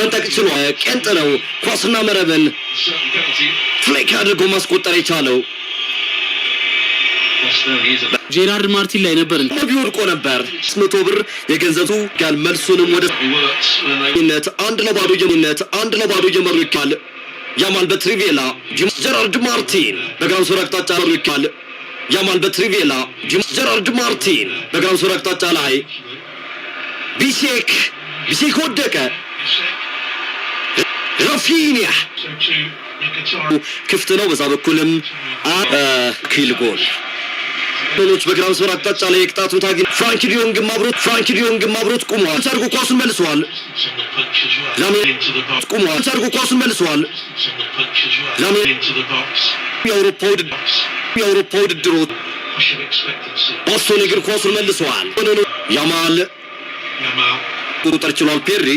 መንጠቅ ችሏል። ነው ኳስና መረብን ፍሌክ አድርጎ ማስቆጠር የቻለው ጄራርድ ማርቲን ላይ ነበር። ቢወድቆ ነበር መቶ ብር የገንዘቱ ጋር መልሱንም ወደ ነት አንድ ለባዶ ጀምነት አንድ ለባዶ ጀመሩ ይካል ያማል በትሪቬላ ጄራርድ ማርቲን በግራው ሶር አቅጣጫ መሩ ይካል ያማል በትሪቬላ ጄራርድ ማርቲን በግራው ሶር አቅጣጫ ላይ ቢሴክ ቢሴክ ወደቀ። ራፊኒያ ክፍት ነው። በዛ በኩልም ኪል ጎል ሎች በግራ መስመር አቅጣጫ ላይ የቅጣቱ ታጊ ፍራንኪ ዲዮንግ ማብሮት ፍራንኪ ዲዮንግ ማብሮት ቁሟል። አድርጎ ኳሱን መልሷል። ቁሟል። አድርጎ ኳሱን መልሷል። የአውሮፓ ውድድር የአውሮፓ ውድድሮ ባስቶኒ ግን ኳሱን መልሷል። ያማል መቆጠር ችሏል። ፔሪ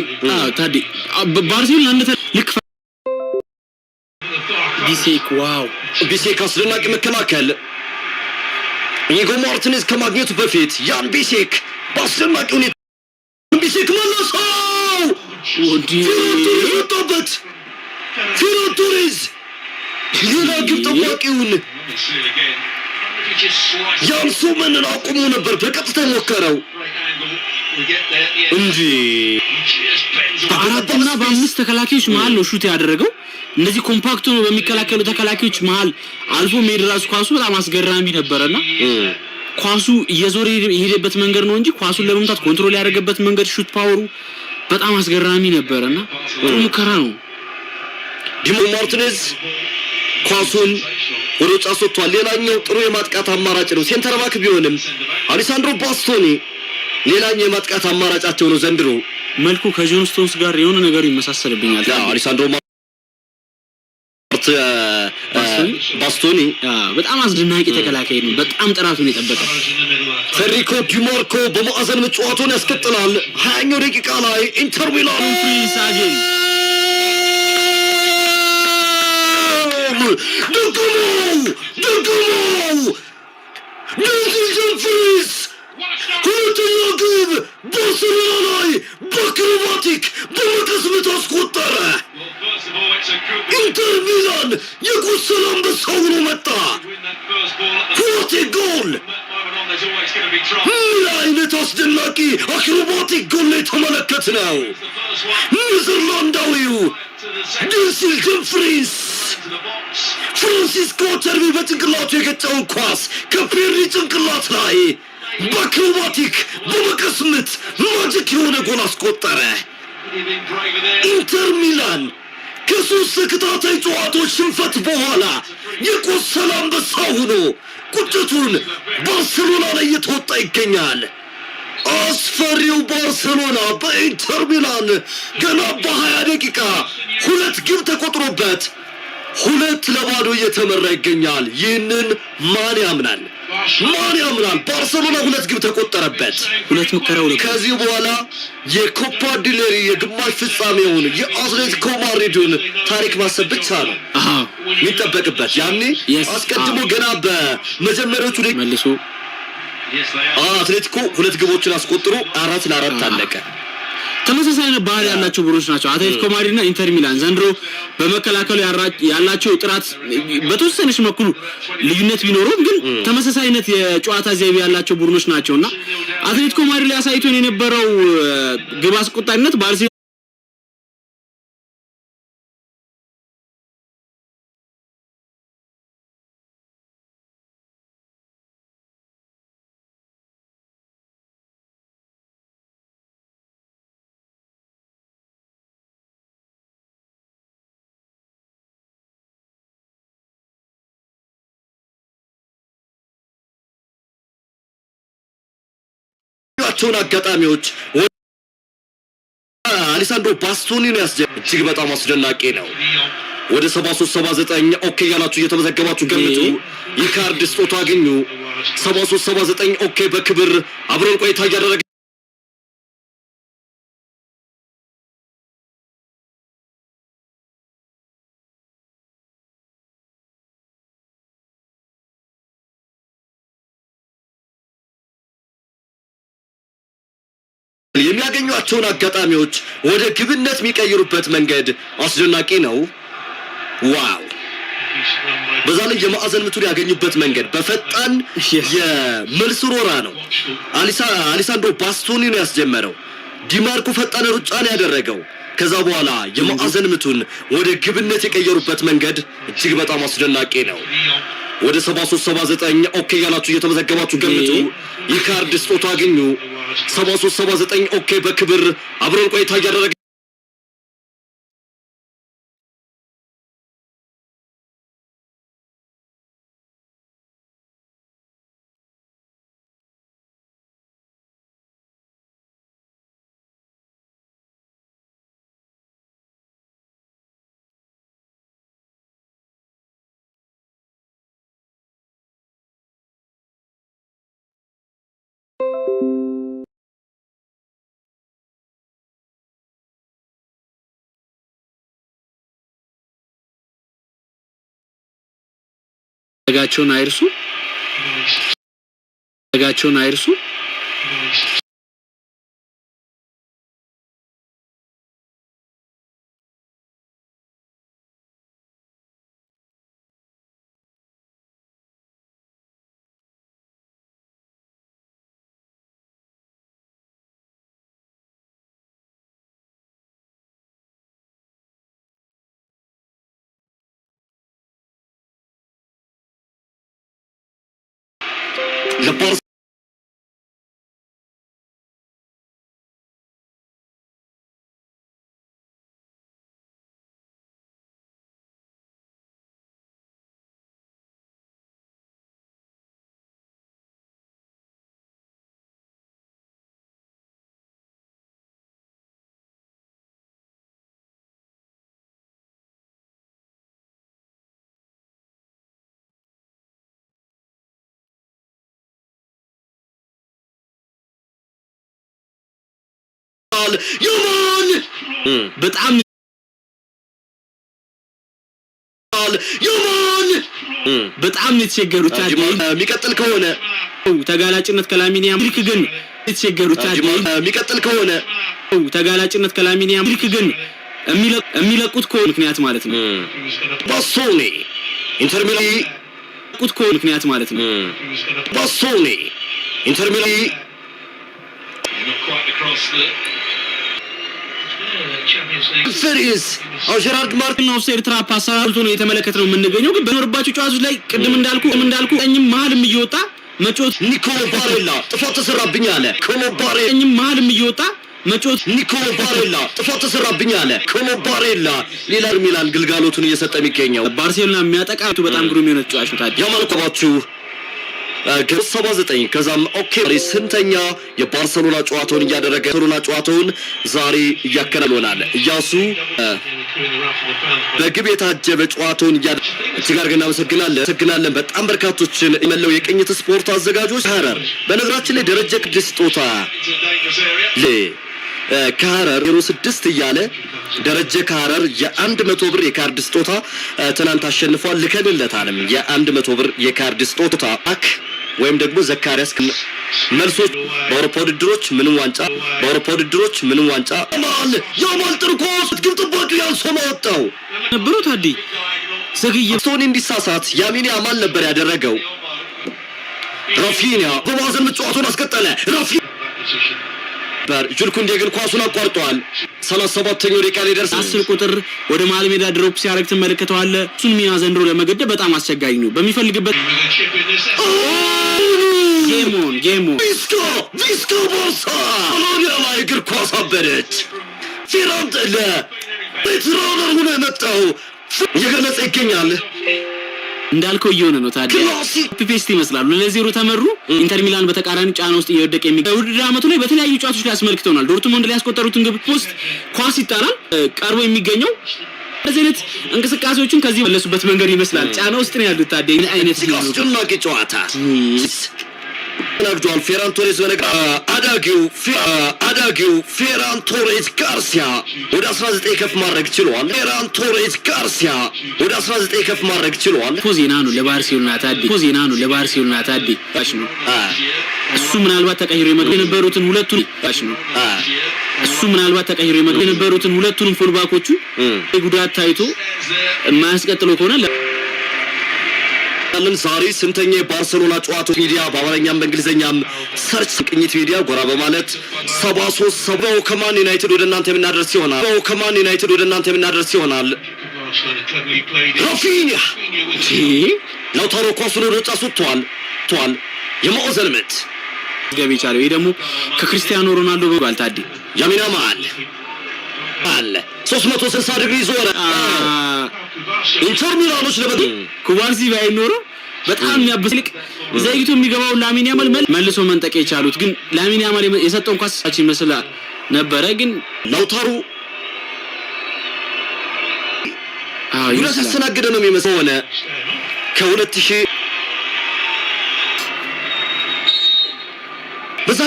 ታዲ ባርሴሎና ልክ ቢሴክ ዋው ቢሴክ አስደናቂ መከላከል ኢኒጎ ማርቲኔዝ ከማግኘቱ በፊት ያን ቢሴክ በአስደናቂ ሁኔታ ቢሴክ መለሰው። ፊራቱሪዝ ወጣበት። ፊራቱሪዝ ሌላ ግብ ጠባቂውን ያን ሱመንን አቁሞ ነበር። በቀጥታ የሞከረው እንጂ በአራትና በአምስት ተከላካዮች መሀል ነው ሹት ያደረገው። እነዚህ ኮምፓክት ነው በሚከላከሉ ተከላካዮች መሀል አልፎ መሄድ ኳሱ በጣም አስገራሚ ነበረና ኳሱ እየዞረ የሄደበት መንገድ ነው እንጂ ኳሱን ለመምታት ኮንትሮል ያደረገበት መንገድ ሹት ፓወሩ በጣም አስገራሚ ነበረና ጥሩ ሙከራ ነው። ዲሞ ማርቲኔዝ ኳሱን ወደ ውጭ አስወጥቷል። ሌላኛው ጥሩ የማጥቃት አማራጭ ነው። ሴንተር ባክ ቢሆንም አሊሳንድሮ ባስቶኒ ሌላኛው የማጥቃት አማራጫቸው ነው። ዘንድሮ መልኩ ከጆን ስቶንስ ጋር የሆነ ነገር ይመሳሰልብኛል። አሊሳንድሮ ባስቶኒ በጣም አስደናቂ ተከላካይ ነው። በጣም ጥራቱን የጠበቀ ፌዴሪኮ ዲማርኮ በማዕዘን መጫወቱን ያስቀጥላል። ሀያኛው ደቂቃ ላይ ኢንተር ሚላን ድጉም Barcelona'yı Bakrovatik boru kısmı toz kurtarı. Inter Milan Yakutsalan bir savunmetta. Kroatik gol. Milan'ı tasdinlaki akrobatik golle tamalakatına. Nizirlandalı'yı Dilsil Dumfries. ፍራንሲስኮ ተርቢ በጭንቅላቱ የገጠውን ኳስ ከፔሪ ጭንቅላት ላይ በክሮማቲክ በመቀስምት ማጅክ የሆነ ጎል አስቆጠረ። ኢንተር ሚላን ከሶስት ተከታታይ ጨዋታዎች ሽንፈት በኋላ የቆሰለ አንበሳ ሆኖ ቁጭቱን ባርሴሎና ላይ እየተወጣ ይገኛል። አስፈሪው ባርሴሎና በኢንተር ሚላን ገና በሀያ ደቂቃ ሁለት ግብ ተቆጥሮበት ሁለት ለባዶ እየተመራ ይገኛል። ይህንን ማን ያምናል? ማን ያምናል? ባርሰሎና ሁለት ግብ ተቆጠረበት። ሁለት ሙከራው ነው። ከዚህ በኋላ የኮፓ ዲሌሪ የግማሽ ፍጻሜውን የአትሌቲኮ ማድሪድን ታሪክ ማሰብ ብቻ ነው የሚጠበቅበት። ያኔ አስቀድሞ ገና በመጀመሪያዎቹ መልሶ አትሌቲኮ ሁለት ግቦችን አስቆጥሮ አራት ለአራት አለቀ። ተመሳሳይ ባህሪ ያላቸው ቡድኖች ናቸው አትሌቲኮ ማድሪድና ኢንተር ሚላን ዘንድሮ በመከላከሉ ያላቸው ጥራት በተወሰነች መኩሉ ልዩነት ቢኖረውም ግን ተመሳሳይነት የጨዋታ ዘይቤ ያላቸው ቡድኖች ናቸውና አትሌቲኮ ማድሪድ ላይ አሳይቶን የነበረው ግብ አስቆጣሪነት ያገኟቸውን አጋጣሚዎች አሊሳንድሮ ባስቶኒ ነው ያስጀመረው። እጅግ በጣም አስደናቂ ነው። ወደ 73 79 ኦኬ ያላችሁ እየተመዘገባችሁ ገምጡ። የካርድ ስጦታ አገኙ። 73 79 ኦኬ በክብር አብረን ቆይታ እያደረገ የሚያገኟቸውን አጋጣሚዎች ወደ ግብነት የሚቀይሩበት መንገድ አስደናቂ ነው። ዋው! በዛ ላይ የማዕዘን ምቱን ያገኙበት መንገድ በፈጣን የመልስ ሮራ ነው። አሊሳንድሮ ባስቶኒ ነው ያስጀመረው። ዲማርኩ ፈጣን ሩጫን ያደረገው። ከዛ በኋላ የማዕዘን ምቱን ወደ ግብነት የቀየሩበት መንገድ እጅግ በጣም አስደናቂ ነው። ወደ 7379 ኦኬ ያላችሁ እየተመዘገባችሁ ገምቱ የካርድ ስጦታ አግኙ። 7379 ኦኬ በክብር አብረን ቆይታ እያደረገ ጋቸውን አይርሱ ጋቸውን አይርሱ Já posso. ይሆናል። ይሁን በጣም ይሁን በጣም የተቸገሩት የሚቀጥል ከሆነ ተጋላጭነት ከላሚኒያ ምልክ ግን የተቸገሩት የሚቀጥል ከሆነ ተጋላጭነት ከላሚኒያ ምልክ ግን የሚለቁት ከሆነ ምክንያት ማለት ነው። ባሶኒ ኢንተር ሚላን የሚለቁት ከሆነ ምክንያት ማለት ነው። ባሶኒ ኢንተር ሚላን ፍሪስ አው ጀራርድ ማርቲን ነው ኤርትራ ፓሳራልቶ ነው የተመለከተ ነው የምንገኘው። ግን በኖርባቸው ጨዋታዎች ላይ ቅድም እንዳልኩ እንዳልኩ ቀኝም መሀልም እየወጣ መጮት ኒኮሎ ባሬላ ጥፋት ተሰራብኝ አለ። ኮሎ ባሬላ ቀኝም መሀልም እየወጣ መጮት ኒኮሎ ባሬላ ጥፋት ተሰራብኝ አለ። ኮሎ ባሬላ ሌላ ሚላን ግልጋሎቱን እየሰጠ የሚገኘው ባርሴሎና የሚያጠቃቱ በጣም ግሩም የሆነ ተጫዋች ነው ታዲያ ያማልከባችሁ ግብጽ 79 ከዛም ኦኬ ስንተኛ የባርሰሎና ጨዋታውን እያደረገ ባርሰሎና ጨዋታውን ዛሬ እያከናልሆናል እያሱ በግብ የታጀበ ጨዋታውን እያ እጅግ አድርገን እናመሰግናለን አመሰግናለን። በጣም በርካቶችን የመለው የቅኝት ስፖርት አዘጋጆች ሀረር በነገራችን ላይ ደረጀ ቅድስ ስጦታ ከሀረር ዜሮ ስድስት እያለ ደረጀ ከሀረር የአንድ መቶ ብር የካርድ ስጦታ ትናንት አሸንፏል። ልከንለታንም የአንድ መቶ ብር የካርድ ስጦታ አክ ወይም ደግሞ ዘካሪያስ መልሶች በአውሮፓ ውድድሮች ምንም ዋንጫ በአውሮፓ ውድድሮች ምንም ዋንጫ ማል ያማል ጥርቆስ ግን ጥባቂ ያልሶማ ወጣው ነበሩ ታዲ ዘግየ ስቶኒ እንዲሳሳት ያሚኒ ያማል ነበር ያደረገው። ራፊኒያ በማዕዘን መጫወቱን አስቀጠለ። ራፊኒያ ነበር። ጁልኩንዴ ግን ኳሱን አቋርጠዋል። ሰላሳ ሰባተኛው ደቂቃ ላይ ደርሰ አስር ቁጥር ወደ መሀል ሜዳ ድሮፕ ሲያደርግ ትመለከተዋለ። እሱን ሚና ዘንድሮ ለመገደብ በጣም አስቸጋኝ ነው። በሚፈልግበት ጌሞን ጌሞን ዲስኮ ዲስኮ ቦሳ ኮሎኒያ ላይ እግር ኳስ አበደች። ፊራንጥ ቤትራነር ሆነ የመጣው እየገለጸ ይገኛል። እንዳልከው እየሆነ ነው። ታዲያ ፔስት ይመስላሉ። ለዜሮ ተመሩ። ኢንተር ሚላን በተቃራኒ ጫና ውስጥ እየወደቀ የሚ ውድድር አመቱ ላይ በተለያዩ ጨዋቶች ላይ አስመልክተውናል። ዶርትሙንድ ላይ ያስቆጠሩትን ግብ ውስጥ ኳስ ይጣላል ቀርቦ የሚገኘው በዚህ አይነት እንቅስቃሴዎችን ከዚህ መለሱበት መንገድ ይመስላል። ጫና ውስጥ ነው ያሉት። ታዲያ አይነት ጨዋታ ተናግዷል። ፌራን ቶሬዝ በነቃ አዳጊው አዳጊው ፌራን ቶሬዝ ጋርሲያ ወደ 19 ከፍ ማድረግ ችሏል። ፌራን ቶሬዝ ጋርሲያ ወደ 19 ከፍ ማድረግ ችሏል። ዜና ነው ለባርሴሎና ታዲ ዜና ነው ለባርሴሎና ታዲ ታሽ ነው እሱ ምናልባት ተቀይሮ ይመጡ የነበሩትን ሁለቱን ታሽ ነው እሱ ምናልባት ተቀይሮ ይመጡ የነበሩትን ሁለቱንም ፉልባኮቹ ጉዳት ታይቶ የማያስቀጥለው ከሆነ እናቀርባለን። ዛሬ ስንተኛ የባርሰሎና ጨዋታ ሚዲያ በአማርኛም በእንግሊዝኛም ሰርች ቅኝት ሚዲያ ጎራ በማለት ሰባ ሶስት ሰባው ከማን ዩናይትድ ወደ እናንተ የምናደርስ ይሆናል። ሰባው ከማን ዩናይትድ ወደ እናንተ የምናደርስ ይሆናል። ራፊኒያ ላውታሮ ኳሱን ወደ ውጭ አስወጥቷል። ቷል የማዕዘን ምት ገቢ ቻለው። ይህ ደግሞ ከክርስቲያኖ ሮናልዶ በጓል ታዲ ያሚና ማል አለ 360 ዲግሪ ዞረ ኢንተር ሚላኖች ለበቂ ኩባንዚ ባይኖረው በጣም የሚያብስልቅ ዘይቱ የሚገባው ላሚን ያማል መልሶ መንጠቅ የቻሉት ግን ላሚን ያማል የሰጠውን ኳስ አቺ መስላ ነበረ። ግን ላውታሩ አዩ ያስተናገደ ነው የሚመስል ሆነ ከሁለት ሺህ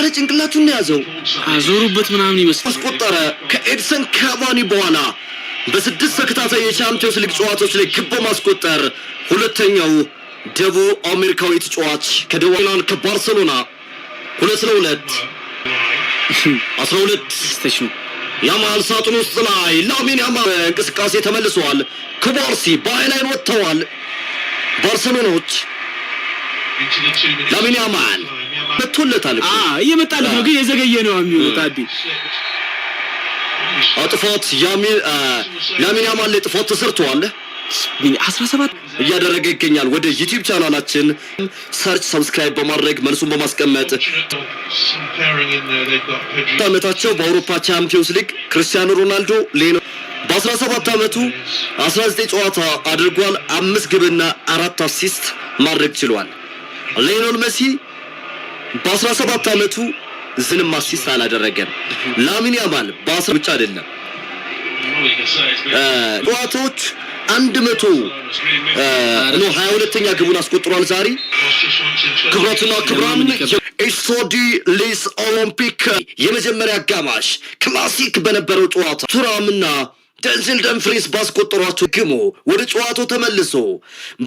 ላይ ጭንቅላቱን ያዘው አዞሩበት ምናምን ይመስል አስቆጠረ ከኤድሰን ካቫኒ በኋላ በስድስት ተከታታይ የቻምፒዮንስ ሊግ ጨዋታዎች ላይ ግብ በማስቆጠር ሁለተኛው ደቡብ አሜሪካዊ ተጫዋች ከደዋናን ከባርሴሎና ሁለት ለሁለት አስራ ሁለት ያማል ሳጥን ውስጥ ላይ ላሚን ያማል እንቅስቃሴ ተመልሰዋል። ክባርሲ በአይላይን ወጥተዋል። ባርሰሎናዎች ላሚን ያማል መቶለታል። እየመጣለት ነው ግን የዘገየ ነው የሚሆነው ታዲ ጥፋት ላሚን ያማል ጥፋት ተሰርቷል። 17 እያደረገ ይገኛል። ወደ ዩቲዩብ ቻናላችን ሰርች፣ ሰብስክራይብ በማድረግ መልሱን በማስቀመጥ ዓመታቸው በአውሮፓ ቻምፒዮንስ ሊግ ክርስቲያኖ ሮናልዶ ሌኖ በ17 ዓመቱ 19 ጨዋታ አድርጓል። አምስት ግብና አራት አሲስት ማድረግ ችሏል። ሌኖን መሲ በ17 ዓመቱ ዝንም አሲስት አላደረገም። ላሚን ያማል በአስር ብቻ አይደለም ጨዋታዎች አንድ መቶ ነው ሀያ ሁለተኛ ግቡን አስቆጥሯል። ዛሬ ክብራትና ክብራን ኤስቶዲ ሊስ ኦሎምፒክ የመጀመሪያ አጋማሽ ክላሲክ በነበረው ጨዋታ ቱራምና ደንዝል ደንፍሪስ ባስቆጠሯቸው ግሞ ወደ ጨዋታው ተመልሶ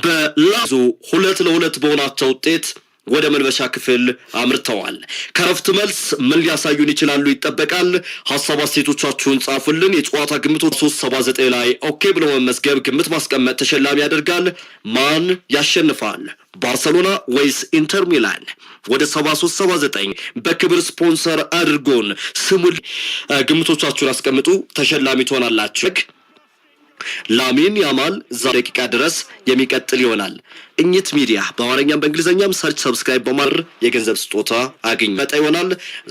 በላዞ ሁለት ለሁለት በሆናቸው ውጤት ወደ መልበሻ ክፍል አምርተዋል። ከረፍት መልስ ምን ሊያሳዩን ይችላሉ ይጠበቃል። ሀሳብ አስተያየቶቻችሁን ጻፉልን። የጨዋታ ግምቶች 379 ላይ ኦኬ ብሎ መመዝገብ ግምት ማስቀመጥ ተሸላሚ ያደርጋል። ማን ያሸንፋል? ባርሰሎና ወይስ ኢንተር ሚላን? ወደ 7379 በክብር ስፖንሰር አድርጎን ስሙል ግምቶቻችሁን አስቀምጡ። ተሸላሚ ትሆናላችሁ። ላሚን ያማል ዛሬ ደቂቃ ድረስ የሚቀጥል ይሆናል። እኝት ሚዲያ በአማርኛም በእንግሊዝኛም ሰርች፣ ሰብስክራይብ በማድረግ የገንዘብ ስጦታ አገኙ። መጣ ይሆናል።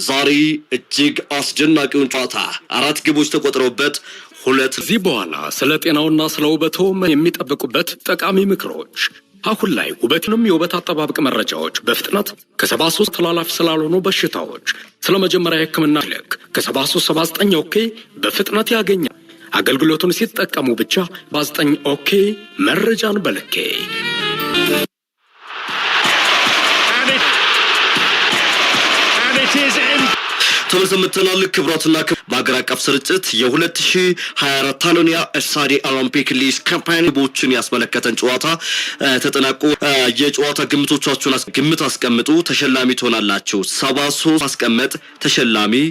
ዛሬ እጅግ አስደናቂውን ጨዋታ አራት ግቦች ተቆጥረውበት ሁለት ከዚህ በኋላ ስለ ጤናውና ስለ ውበቶ የሚጠብቁበት ጠቃሚ ምክሮች አሁን ላይ ውበትንም የውበት አጠባበቅ መረጃዎች በፍጥነት ከሰባ ሶስት ተላላፊ ስላልሆኑ በሽታዎች ስለ መጀመሪያ ሕክምና ልክ ሰባ ዘጠኝ ኦኬ በፍጥነት ያገኛል። አገልግሎቱን ሲጠቀሙ ብቻ በአስጠኝ ኦኬ መረጃን በልኬ ተመዘምተናል። ክብራትና በሀገር አቀፍ ስርጭት የ2024 ታሎኒያ ስታዲ ኦሎምፒክ ሊስ ካምፓኒ ቦችን ያስመለከተን ጨዋታ ተጠናቆ የጨዋታ ግምቶቻችሁን ግምት አስቀምጡ፣ ተሸላሚ ትሆናላችሁ። ሰባ ሶስት አስቀመጥ ተሸላሚ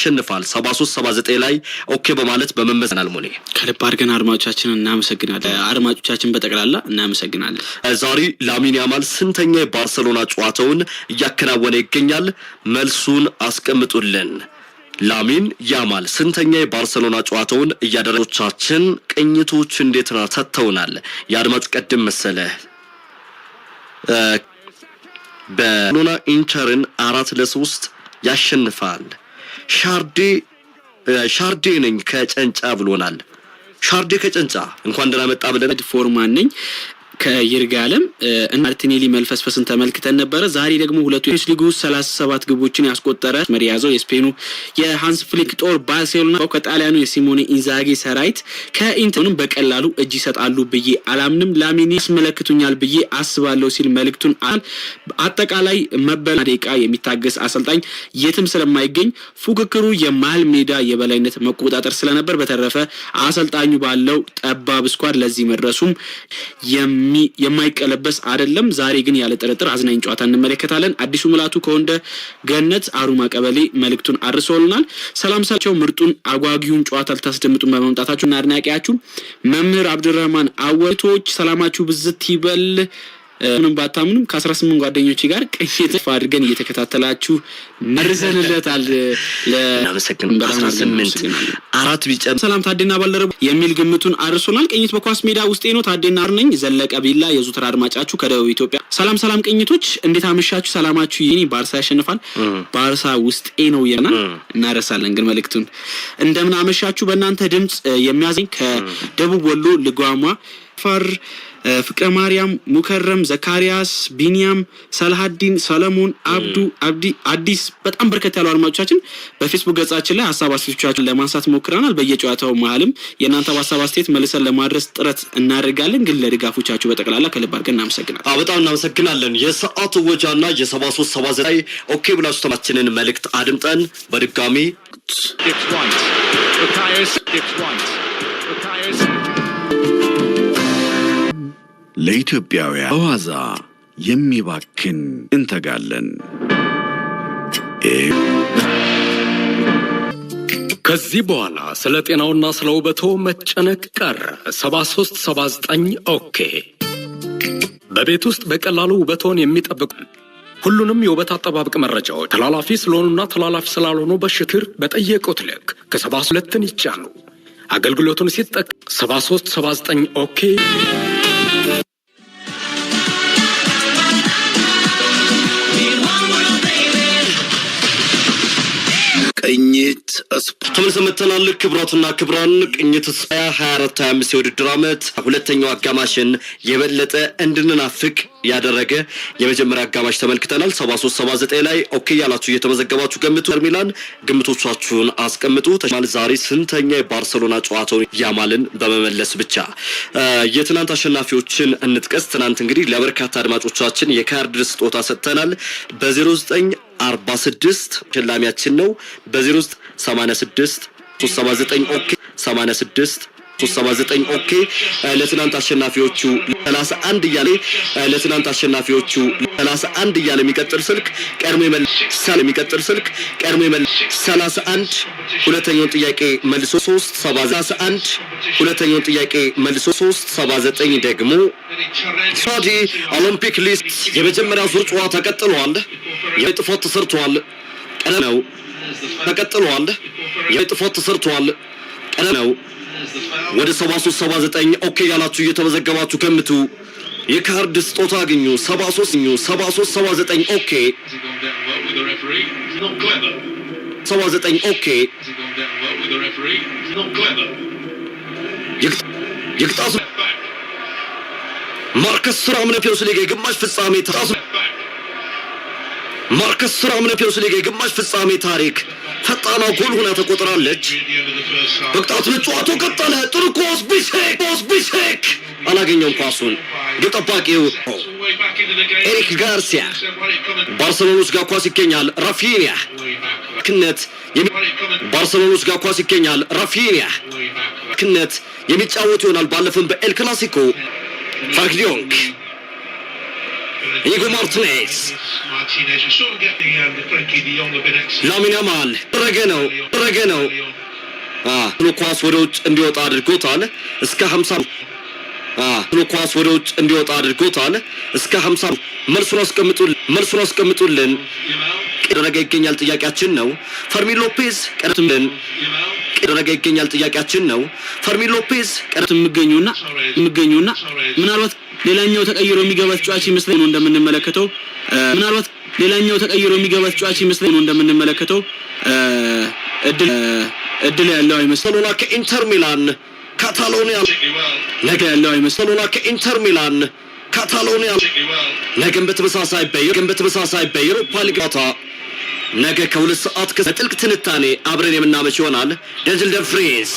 ያሸንፋል። 73 79 ላይ ኦኬ በማለት በመመዘናል ሙኔ ከልብ አድርገን አድማጮቻችን እናመሰግናለን። አድማጮቻችን በጠቅላላ እናመሰግናለን። ዛሬ ላሚን ያማል ስንተኛ የባርሰሎና ጨዋታውን እያከናወነ ይገኛል? መልሱን አስቀምጡልን። ላሚን ያማል ስንተኛ የባርሰሎና ጨዋታውን እያደረቻችን ቅኝቶች እንዴት ና ተተውናል። የአድማጭ ቀድም መሰለ በሎና ኢንተርን አራት ለሶስት ያሸንፋል። ሻርዴ ሻርዴ ነኝ ከጨንጫ ብሎናል። ሻርዴ ከጨንጫ እንኳን ደህና መጣ ብለን ፎርማን ነኝ ከይርጋለም ማርቲኔሊ መልፈስፈስን ተመልክተን ነበረ። ዛሬ ደግሞ ሁለቱ ዩስ ሊግ ውስጥ ሰላሳ ሰባት ግቦችን ያስቆጠረ መሪ ያዘው የስፔኑ የሃንስ ፍሊክ ጦር ባርሴሎና ከጣሊያኑ የሲሞኔ ኢንዛጌ ሰራይት ከኢንተርም በቀላሉ እጅ ይሰጣሉ ብዬ አላምንም፣ ላሚኒ ያስመለክቱኛል ብዬ አስባለሁ ሲል መልእክቱን አል አጠቃላይ መበላ ደቂቃ የሚታገስ አሰልጣኝ የትም ስለማይገኝ ፉክክሩ የመሀል ሜዳ የበላይነት መቆጣጠር ስለነበር በተረፈ አሰልጣኙ ባለው ጠባብ ስኳድ ለዚህ መድረሱም የሚ የማይቀለበስ አይደለም። ዛሬ ግን ያለ ጥርጥር አዝናኝ ጨዋታ እንመለከታለን። አዲሱ ሙላቱ ከወንደ ገነት አሩማ ቀበሌ መልእክቱን አድርሰውልናል። ሰላም ሳቸው ምርጡን አጓጊውን ጨዋታ ልታስደምጡን በመምጣታችሁና አድናቂያችሁ መምህር አብዱራህማን አወቶች ሰላማችሁ ብዝት ይበል። ምንም ባታምንም ከአስራ ስምንት ጓደኞች ጋር ቅኝት አድርገን እየተከታተላችሁ መርዘንለታል። አራት ቢጨ ሰላም ታዴና ባልደረቡ የሚል ግምቱን አድርሶናል። ቅኝት በኳስ ሜዳ ውስጤ ነው። ታዴና አርነኝ ዘለቀ ቢላ የዙትር አድማጫችሁ ከደቡብ ኢትዮጵያ። ሰላም ሰላም ቅኝቶች እንዴት አመሻችሁ? ሰላማችሁ ይህኔ ባርሳ ያሸንፋል። ባርሳ ውስጤ ነው የና እናረሳለን። ግን መልእክቱን እንደምን አመሻችሁ በእናንተ ድምፅ የሚያዘኝ ከደቡብ ወሎ ልጓማ ፋር ፍቅረ ማርያም፣ ሙከረም፣ ዘካሪያስ፣ ቢንያም፣ ሰልሃዲን፣ ሰለሞን፣ አብዱ፣ አብዲ፣ አዲስ በጣም በርከት ያሉ አድማጮቻችን በፌስቡክ ገጻችን ላይ ሀሳብ አስቻችን ለማንሳት ሞክረናል። በየጨዋታው መሀልም የእናንተ በሀሳብ አስተያየት መልሰን ለማድረስ ጥረት እናደርጋለን። ግን ለድጋፎቻችሁ በጠቅላላ ከልብ አድርገን እናመሰግናል። በጣም እናመሰግናለን። የሰዓቱ ወጃና የሰባ ሶስት ሰባ ዘጠኝ ኦኬ ብላችሁ ተማችንን መልእክት አድምጠን በድጋሚ ለኢትዮጵያውያን በዋዛ የሚባክን እንተጋለን። ከዚህ በኋላ ስለ ጤናውና ስለ ውበቶ መጨነቅ ቀረ። 7379 ኦኬ። በቤት ውስጥ በቀላሉ ውበቶን የሚጠብቁ ሁሉንም የውበት አጠባበቅ መረጃዎች ተላላፊ ስለሆኑና ተላላፊ ስላልሆኑ በሽክር በጠየቁት ልክ ከ72ን ይጫኑ አገልግሎቱን ሲጠቀም 7379 ኦኬ ቅኝት ስፖርት ተመልሰን መጥተናል። ክብራትና ክብራን ቅኝት 2024 25 የውድድር አመት ሁለተኛው አጋማሽን የበለጠ እንድንናፍቅ ያደረገ የመጀመሪያ አጋማሽ ተመልክተናል። 7379 ላይ ኦኬ ያላችሁ እየተመዘገባችሁ ገምቱ። ሚላን ግምቶቻችሁን አስቀምጡ። ተማል ዛሬ ስንተኛ የባርሰሎና ጨዋታውን ያማልን በመመለስ ብቻ የትናንት አሸናፊዎችን እንጥቀስ። ትናንት እንግዲህ ለበርካታ አድማጮቻችን የካርድ ስጦታ ሰጥተናል በ09 46 ሸላሚያችን ነው በ0986 379 ኦኬ 86 379 ኦኬ ለትናንት አሸናፊዎቹ 31 እያለ ለትናንት አሸናፊዎቹ 31 እያለ የሚቀጥል ስልክ ቀድሞ ይመልሳል። የሚቀጥል ስልክ ቀድሞ ይመልሳል። 31 ሁለተኛውን ጥያቄ መልሶ 371 ሁለተኛውን ጥያቄ መልሶ 379 ደግሞ ሳዲ ኦሎምፒክ ሊስት የመጀመሪያ ዙር ጨዋታ ቀጥሏል። የጥፋት ተሰርቷል። ቀደም ነው ተቀጥሏል። የጥፋት ተሰርቷል። ቀደም ነው ወደ 7379 ኦኬ ያላችሁ እየተመዘገባችሁ ገምቱ። የካርድ ስጦታ አግኙ። 7379 ኦኬ 79 ኦኬ የቅጣቱ ማርከስ ቱራም ለፒዮስ ሊግ የግማሽ ፍጻሜ ማርከስ ቱራም ለፒዮስ ሊግ የግማሽ ፍጻሜ ታሪክ ፈጣን ጎል ሆና ተቆጥራለች። በቅጣት ጨዋታው ቀጠለ። ጥርቆስ ቢሴክ ቆስ ቢሴክ አላገኘም ኳሱን። ግብ ጠባቂው ኤሪክ ጋርሲያ ባርሰሎናስ ጋር ኳስ ይገኛል። ራፊኒያ ክነት ባርሰሎናስ ጋር ኳስ ይገኛል። ራፊኒያ ክነት የሚጫወት ይሆናል። ባለፈው በኤል ክላሲኮ ፍራንክ ዲዮንግ ኢጎ ማርቲኔዝ ላሚናማል ብረገ ነው ብረገ ነው ብሎ ኳስ ወደ ውጭ እንዲወጣ አድርጎታል። እስከ ሀምሳ ብሎ ኳስ ወደ ውጭ እንዲወጣ አድርጎታል። እስከ ሀምሳ መልሱን አስቀምጡልን፣ መልሱን አስቀምጡልን ደረገ ይገኛል ጥያቄያችን ነው። ፈርሚን ሎፔዝ ቀረትልን ደረገ ይገኛል ጥያቄያችን ነው። ፈርሚን ሎፔዝ ቀረት የምገኙና የምገኙና ምናልባት ሌላኛው ተቀይሮ የሚገባ ተጫዋች ይመስለኝ ነው እንደምንመለከተው ምናልባት ሌላኛው ተቀይሮ የሚገባ ተጫዋች ይመስለኝ እንደምንመለከተው እድል እድል ያለው አይመስሎና ከኢንተር ሚላን ካታሎኒያ ነገ ያለው አይመስሎና ከኢንተር ሚላን ካታሎኒያ ነገን በተመሳሳይ በይር በተመሳሳይ በኤሮፓ ሊግ ነገ ከሁለት ሰዓት ከጥልቅ ትንታኔ አብረን የምናመች ይሆናል። ደንዝል ደፍሬስ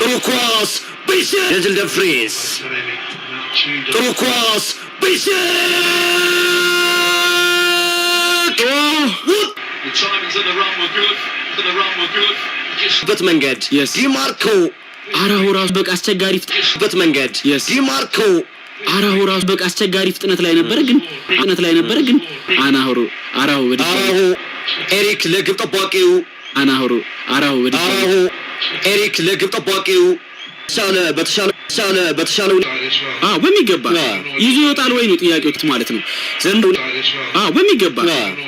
ጥሩ ኳስ ቢሴ ደንዝል ደፍሬስ ጥሩ ኳስ ቢሴ በት መንገድ ዲማርኮ አራሁ ራሱ በቃ አስቸጋሪ በት መንገድ ዲማርኮ አራሁ ራሱ በቃ አስቸጋሪ ፍጥነት ላይ ነበረ፣ ግን ፍጥነት ላይ ነበረ፣ ግን አናሁሩ አራሁ አራሁ ኤሪክ ለግብ ጠባቂው አናሁሩ አራሁ አራሁ ኤሪክ ለግብ ጠባቂው ሻለ በተሻለ ሻለ በተሻለ በሚገባ ይዞ ይወጣል ወይ ነው ጥያቄው ማለት ነው ዘንድ አዎ በሚገባ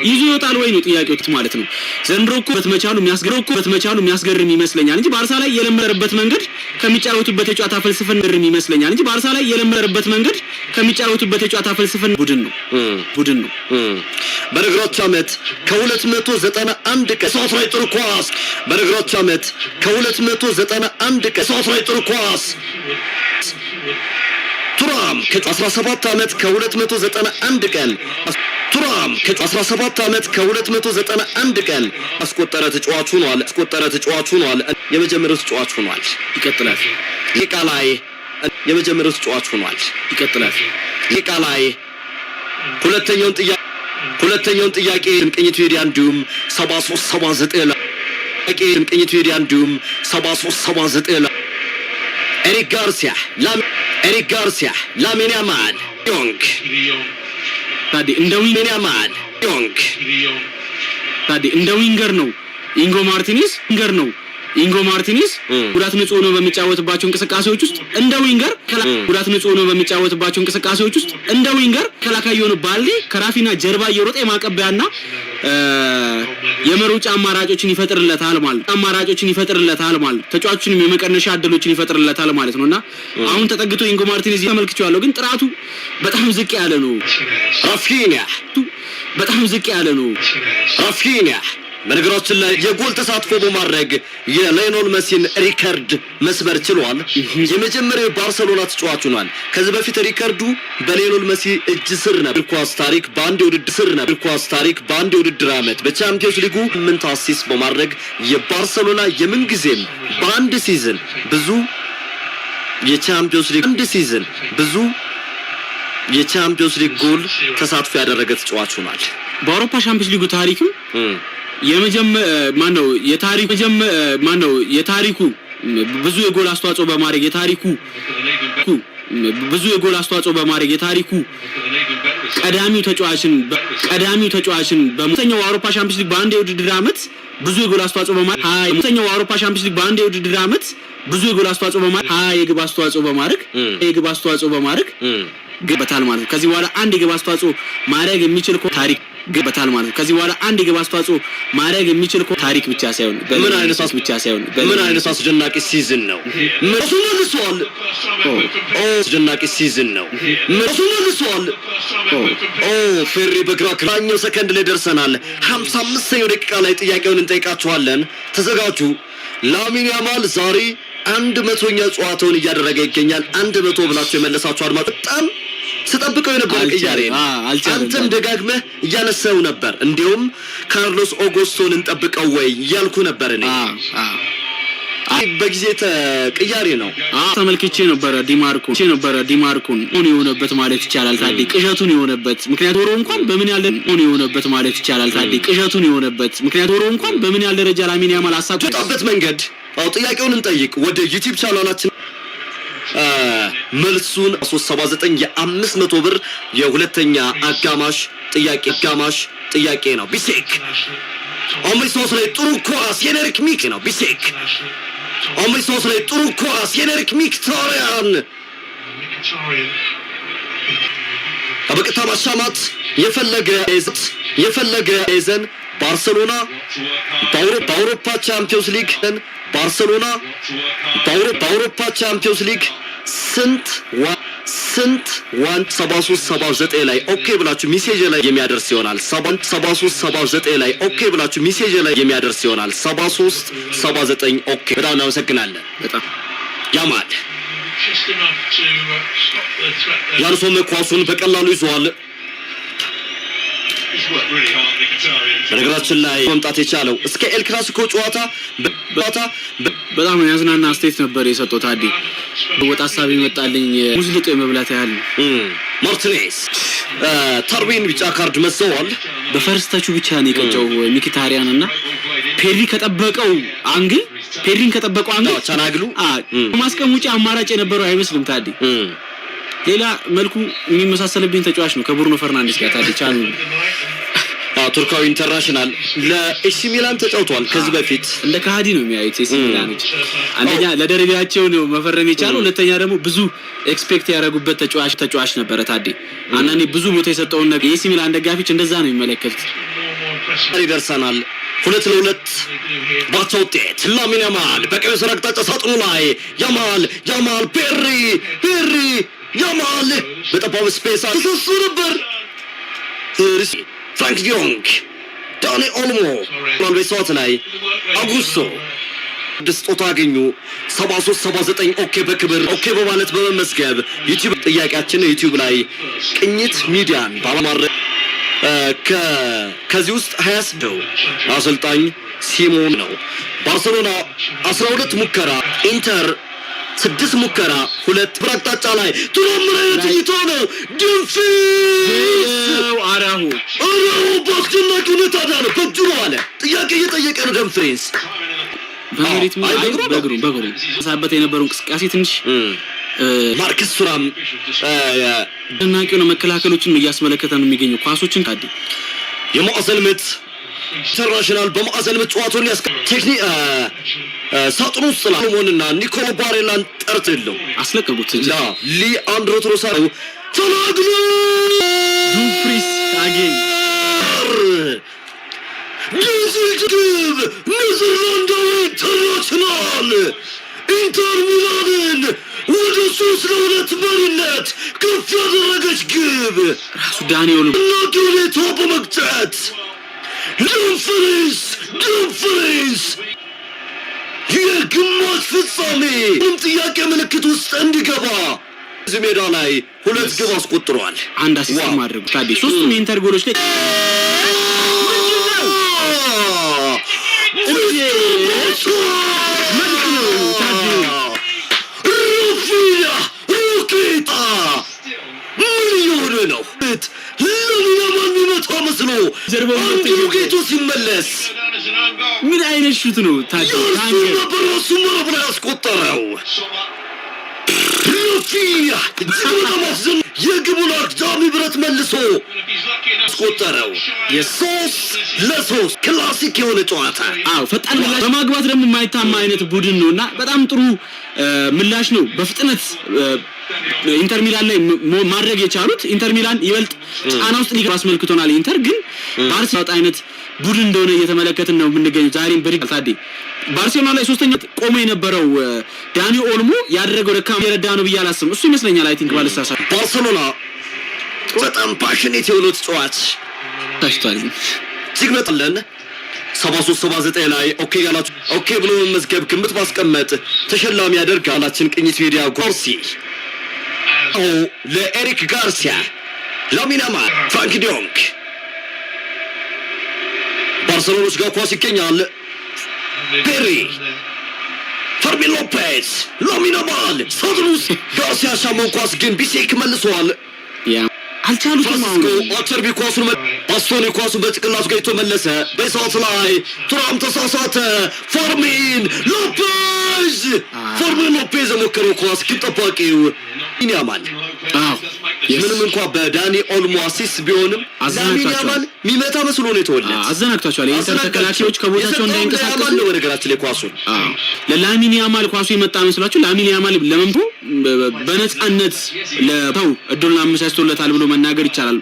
ይዞ ይወጣል ወይ ነው ጥያቄው ማለት ነው። ዘንድሮ እኮ በተመቻሉ የሚያስገርም እኮ በተመቻሉ የሚያስገርም ይመስለኛል እንጂ ባርሳ ላይ የለመረበት መንገድ ከሚጫወቱበት የጨዋታ ፍልስፍን ምርም ይመስለኛል እንጂ ባርሳ ላይ የለመረበት መንገድ ከሚጫወቱበት የጨዋታ ፍልስፍን ቡድን ነው ቡድን ነው። በነገሮች ዓመት ከ291 ቀን ሰዓት ላይ ጥሩ ኳስ በነገሮች ዓመት ከ291 ቀን ሰዓት ላይ ጥሩ ኳስ ቱራም ከ17 ዓመት ከ291 ቀን ቱራም ከ17 ዓመት ከ291 ቀን አስቆጠረ ተጫዋች ሆኗል። አስቆጠረ ተጫዋች ሆኗል። የመጀመሪያው ተጫዋች ሆኗል። ይቀጥላል። ይቃላይ የመጀመሪያው ተጫዋች ሆኗል። ይቀጥላል። ይቃላይ ሁለተኛውን ጥያቄ ሁለተኛውን ጥያቄ ቅኝቱ ሄዲያ እንዲሁም 7379 ጥያቄ ላይ ቅኝቱ ሄዲያ እንዲሁም 73 Eric Garcia, Lam Eric Garcia, Lamine Yamal, Young. ታዲያ እንደ ዊንገር ያማል ዮንግ ታዲያ እንደ ዊንገር ነው ኢንጎ ማርቲኔስ ዊንገር ነው ኢንጎ ማርቲኒስ ጉዳት ንጹህ ሆኖ በሚጫወትባቸው እንቅስቃሴዎች ውስጥ እንደ ዊንገር ጉዳት ንጹህ ሆኖ በሚጫወትባቸው እንቅስቃሴዎች ውስጥ እንደ ዊንገር ከላካይ የሆኑ ባሌ ከራፊና ጀርባ እየሮጠ የማቀበያና የመሮጫ አማራጮችን ይፈጥርለታል ማለት አማራጮችን ይፈጥርለታል ማለት ተጫዋቾችንም የመቀነሻ እድሎችን ይፈጥርለታል ማለት ነው። እና አሁን ተጠግቶ ኢንጎ ማርቲኔዝ ተመልክቼዋለሁ፣ ግን ጥራቱ በጣም ዝቅ ያለ ነው። ራፊኒያ በጣም ዝቅ ያለ ነው። ራፊኒያ በነገራችን ላይ የጎል ተሳትፎ በማድረግ የሌኖል መሲን ሪከርድ መስበር ችሏል። የመጀመሪያው የባርሰሎና ተጫዋች ሆኗል። ከዚህ በፊት ሪከርዱ በሌኖል መሲ እጅ ስር ነበር። ኳስ ታሪክ በአንድ የውድድር ስር ነበር። ኳስ ታሪክ በአንድ የውድድር ዓመት በቻምፒዮንስ ሊጉ ምንት አሲስት በማድረግ የባርሰሎና የምንጊዜም በአንድ ሲዝን ብዙ የቻምፒዮንስ ሊግ አንድ ሲዝን ብዙ የቻምፒዮንስ ሊግ ጎል ተሳትፎ ያደረገ ተጫዋች ሆኗል። በአውሮፓ ቻምፒዮንስ ሊጉ ታሪክም ማነው የታሪኩ ማነው የታሪኩ ብዙ የጎል አስተዋጽኦ በማድረግ የታሪኩ ብዙ የጎል አስተዋጽኦ በማድረግ የታሪኩ ቀዳሚው ተጫዋችን ቀዳሚው ተጫዋችን በአምስተኛው አውሮፓ ሻምፒዮንስ ሊግ በአንድ የውድድር ዓመት ብዙ የጎል አስተዋጽኦ በማድረግ አምስተኛው አውሮፓ ሻምፒዮንስ ሊግ በአንድ የውድድር ዓመት ብዙ የጎል አስተዋጽኦ በማድረግ ሀያ የግብ አስተዋጽኦ በማድረግ የግብ አስተዋጽኦ በማድረግ ግበታል ማለት ነው። ከዚህ በኋላ አንድ የግብ አስተዋጽኦ ማድረግ የሚችል ታሪክ ግበታል ማለት ነው። ከዚህ በኋላ አንድ የግብ አስተዋጽኦ ማድረግ የሚችል ታሪክ ብቻ ሳይሆን ምን አይነት ሳስ ብቻ ሳይሆን ምን አይነት አስደናቂ ሲዝን ነው። እሱ መልሷል። ኦ አስደናቂ ሲዝን ነው። እሱ መልሷል። ኦ ፌሪ በግራ ግራኛው ሰከንድ ላይ ደርሰናል። 55ኛው ደቂቃ ላይ ጥያቄውን እንጠይቃችኋለን። ተዘጋጁ። ላሚን ያማል ዛሬ አንድ መቶኛ ጨዋታውን እያደረገ ይገኛል። አንድ መቶ ብላችሁ የመለሳችሁ አድማጭ በጣም ስጠብቀው የነበረ ቅያሬ ነው። አንተም ደጋግመህ እያነሳው ነበር። እንዲሁም ካርሎስ ኦጎስቶን እንጠብቀው ወይ እያልኩ ነበር እኔ በጊዜ ተቀያሪ ነው ተመልክቼ ነበረ። ዲማርኩን ነበረ ዲማርኩን ሆን የሆነበት ማለት ይቻላል። ታዲ ቅሸቱን የሆነበት ምክንያት ወሮ እንኳን በምን ያለ ሆን የሆነበት ማለት ይቻላል። ታዲ ቅሸቱን የሆነበት ምክንያት ወሮ እንኳን በምን ያለ ደረጃ ላሚን ያማል ሀሳብ ወጣበት መንገድ። ጥያቄውን እንጠይቅ። ወደ ዩቲዩብ ቻናላችን መልሱን 379 የ500 ብር የሁለተኛ አጋማሽ ጥያቄ አጋማሽ ጥያቄ ነው። ቢሴክ ኦምሪ ሶስት ላይ ጥሩ ኳስ የኔሪክ ሚክ ነው። ቢሴክ ኦምሪ ሶስት ላይ ጥሩ ኳስ የኔሪክ ሚክቶሪያን በቀጥታ ማሻማት የፈለገ የፈለገ ይዘን ባርሰሎና በአውሮፓ ቻምፒዮንስ ሊግን Barcelona, በአውሮፓ ቻምፒዮንስ ሊግ ስንት ስንት ዋን 73 79 ላይ ኦኬ ብላችሁ ሜሴጅ ላይ የሚያደርስ ይሆናል። 73 79 ላይ ኦኬ ብላችሁ ሜሴጅ ላይ የሚያደርስ ይሆናል። 73 79 ኦኬ። በጣም እናመሰግናለን። በጣም ያማል። ያንሶም ኳሱን በቀላሉ ይዘዋል። በነገራችን ላይ መምጣት የቻለው እስከ ኤል ክላሲኮ ጨዋታ ጨዋታ በጣም ያዝናና አስተያየት ነበር የሰጠው። ታዲ ወጣ ሀሳብ ይመጣልኝ ሙዝልጦ የመብላት ያህል ማርቲኔስ ተርቢን ቢጫ ካርድ መሰዋል። በፈርስታቹ ብቻ ነው የቀጨው ሚኪታሪያን እና ፔሪ ከጠበቀው አንግል ፔሪን ከጠበቀው አንግል ቻናግሉ ማስቀመጫ አማራጭ የነበረው አይመስልም ታዲ ሌላ መልኩ የሚመሳሰልብኝ ተጫዋች ነው ከቡርኖ ፈርናንዴስ ጋር ታዲቻ ነው። ቱርካዊ ኢንተርናሽናል ለኤሲ ሚላን ተጫውቷል። ከዚህ በፊት እንደ ከሃዲ ነው የሚያዩት ኤሲ ሚላኖች። አንደኛ ለደርቢያቸው ነው መፈረም የቻለው፣ ሁለተኛ ደግሞ ብዙ ኤክስፔክት ያደረጉበት ተጫዋች ተጫዋች ነበረ። ታዴ አንዳንዴ ብዙ ቦታ የሰጠውን ነገር የኤሲ ሚላን ደጋፊዎች እንደዛ ነው የሚመለከቱት። ይደርሰናል ሁለት ለሁለት ባቻ ውጤት ላሚን ያማል በቀይ ስር አቅጣጫ ሳጥኑ ላይ ያማል ያማል ፔሪ ፔሪ Ja, Mali! Wytapały Spesa. To za super! Frank Jong. ዳኒ ኦልሞ ሮን ላይ አጉሶ ስጦታ አገኙ 73 ኦኬ በክብር ኦኬ በማለት በመመዝገብ ዩቲዩብ ጥያቄያችን ዩቲዩብ ላይ ቅኝት ሚዲያን ባለማረ ከዚህ ውስጥ 26 አሰልጣኝ ሲሞን ነው ባርሰሎና 12 ሙከራ ኢንተር ስድስት ሙከራ ሁለት ብራቅጣጫ ላይ ጥሎ ትይቶ ነው! ድንፊት አራሁ አራሁ በአስደናቂ ሁኔታ ዳነ። በእጁ ነው አለ። ጥያቄ እየጠየቀ ነው ደምፍሬንስ በመሬት በእግሩ በእግሩ ሳበት የነበረው እንቅስቃሴ ትንሽ ማርክስ ሱራም አስደናቂ ነው። መከላከሎችን እያስመለከተ ነው የሚገኘው ኳሶችን ካዲ የማዕዘን ምት ኢንተርናሽናል በማዕዘን ምጽዋቱን ያስ ቴክኒ ሳጥኑ ውስጥ ላሆንና ኒኮሎ ባሬላን ጠርት የለው አስለቀቁት። ሊአንድሮ ትሮሳር ተናግሎ ዱፍሪስ አጌኝ ግብ ኔዘርላንዳዊ ኢንተርናሽናል ኢንተር ሚላንን ወደ ሶስት ለሁለት መሪነት ከፍ ያደረገች ግብ ራሱ ዳንኤል እና ጌሌታ በመግጨት ልዩ ፍሬስ ድል የግማሽ ፍጻሜ ምንም ጥያቄ ምልክት ውስጥ እንዲገባ እዚህ ሜዳ ላይ ሁለት ግብ አስቆጥሯል። አንድ አሲስት ማድረጉ ሶስቱም ጎሎች ላይ ሩኬታ ምን ነው ሞቶ መስሎ አንድሉ ጌቶ ሲመለስ ምን አይነት ሹት ነው ታዲያ? ነበር እሱም ብሎ ያስቆጠረው የግቡን አግዳሚ ብረት መልሶ ያስቆጠረው የሶስት ለሶስት ክላሲክ የሆነ ጨዋታ። አዎ ፈጣን ምላሽ በማግባት ደግሞ የማይታማ አይነት ቡድን ነው እና በጣም ጥሩ ምላሽ ነው በፍጥነት ኢንተር ሚላን ላይ ማድረግ የቻሉት ኢንተር ሚላን ይበልጥ ጫና ውስጥ ሊገባ አስመልክቶናል። ኢንተር ግን ባርሴሎና አይነት ቡድን እንደሆነ እየተመለከትን ነው የምንገኘው። ዛሬም በሪክ ታዴ ባርሴሎና ላይ ሶስተኛ ቆሞ የነበረው ዳኒ ኦልሞ ያደረገው ደካማ የረዳ ነው ብዬ አላስብም። እሱ ይመስለኛል አይ ቲንክ ባልሳሳ ባርሴሎና በጣም ፓሽኔት የሆኑት ጨዋች ታሽቷል እጅግ 7379 ላይ ኦኬ ያላችሁ ኦኬ ብሎ መመዝገብ ግምት ማስቀመጥ ተሸላሚ ያደርጋላችን ቅኝት ሚዲያ ጎርሲ ለኤሪክ ጋርሲያ፣ ላሚን ያማል፣ ዲዮንግ ባርሰሎኖች ጋር ኳስ ይገኛል። ፔሪ፣ ፈርሚ ሎፔዝ፣ ላሚን ያማል ጋርሲያ ሻመው ኳስ ግን ቢሴክ መልሰዋል። አልቻሉትም። አቸርቢ ኳሱን ባስቶኒ ኳሱን በጭቅላቱ ገይቶ መለሰ። በሰዓት ላይ ቱራም ተሳሳተ። ፈርሚን ሎፔዝ ጎበዝ ፎርሙላ ሎፔዝ የሞከረው ኳስ ግብ ጠባቂው ላሚን ያማል ምንም እንኳ በዳኒ ኦልሞ አሲስት ቢሆንም ላሚን ያማል የሚመታ መስሎ ነው የተወለት። አዘናግቷቸዋል። ተከላካዮች ከቦታቸው እንዳይንቀሳቀሱ ነው። በነገራችን ላይ ኳሱ ለላሚን ያማል ኳሱ የመጣ መስሏቸው ላሚን ያማል ለመምቶ በነጻነት ለታው እድሉን አመቻችቶለታል ብሎ መናገር ይቻላል።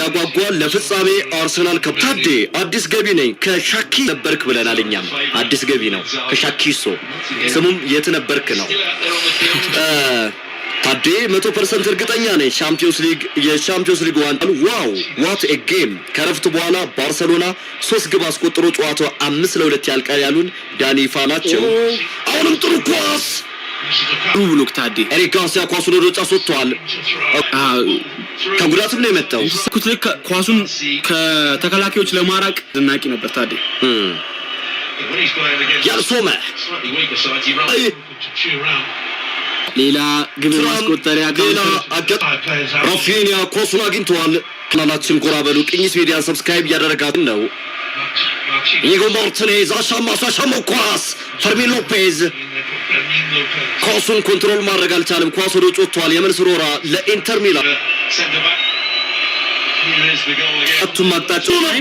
ያጓጓል። ለፍጻሜ አርሰናል ከታዴ አዲስ ገቢ ነኝ ከሻኪ ነበርክ ብለናል። እኛም አዲስ ገቢ ነው ከሻኪሶ ስሙም የት ነበርክ ነው። ታዴ መቶ ፐርሰንት እርግጠኛ ነኝ ቻምፒዮንስ ሊግ የቻምፒዮንስ ሊግ ዋን ዋው ዋት ኤ ጌም። ከረፍት በኋላ ባርሰሎና ሶስት ግብ አስቆጥሮ ጨዋታው አምስት ለሁለት ያልቃል ያሉን ዳኒ ይፋ ናቸው። አሁንም ጥሩ ኳስ ብሎክ ታዴ ኤሪክ ጋርሲያ ኳሱን ወደ ውጭ አስወጥተዋል። ከጉዳትም ነው የመጣው። ኳሱን ከተከላካዮች ለማራቅ አስደናቂ ነበር ታዴ ያርሶመ ሌላ ግብ ማስቆጠሪያ ራፊኒያ ኳሱን አግኝተዋል። ላላችን ጎራ በሉ። ቅኝት ሚዲያን ሰብስክራይብ ነው። ማርቲኔዝ አሻሞ ኳስ ፈርሚን ሎፔዝ ኳሱን ኮንትሮል ማድረግ አልቻለም። ኳስ ወደ ውጭ ወጥቷል። የመልስ ሮራ ለኢንተር ሚላን አቱም አቅጣጫ